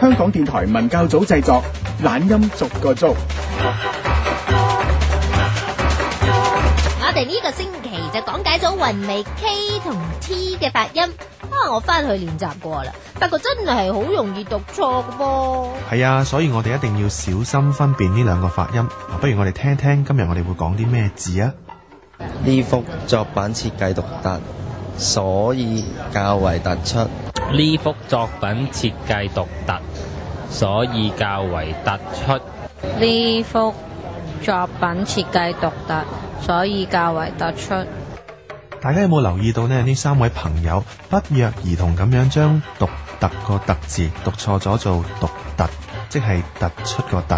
香港電台文教組製作，懶音逐個捉。我哋呢個星期就講解咗韻尾 K 同 T 嘅發音樂，啊，我翻去練習過啦，不過真係好容易讀錯嘅噃。係啊，所以我哋一定要小心分辨呢兩個發音。不如我哋聽聽今日我哋會講啲咩字啊？呢幅作品設計獨特，所以較為突出。呢幅作品設計獨特，所以較為突出。呢幅作品設計獨特，所以較為突出。大家有冇留意到呢？呢三位朋友不約而同咁樣將獨特個特字讀錯咗，做獨特，即係突出個突」。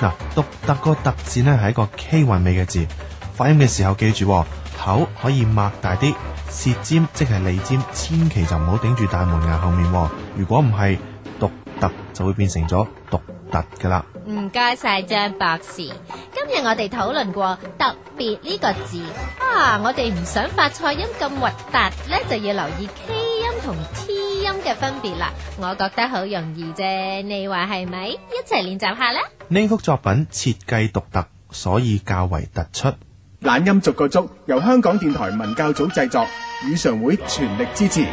嗱，獨特，特，特個特字呢係一個 K 韻尾嘅字，發音嘅時候記住、哦。口可以擘大啲，舌尖即係脷尖，千祈就唔好頂住大門牙後面。如果唔係，獨特就會變成咗獨特噶啦。唔該晒張博士，今日我哋討論過特別呢個字啊，我哋唔想發錯音咁核突呢，就要留意 K 音同 T 音嘅分別啦。我覺得好容易啫，你話係咪？一齊練習下啦！呢幅作品設計獨特，所以較為突出。懶音逐個捉，由香港電台文教組製作，語常會全力支持。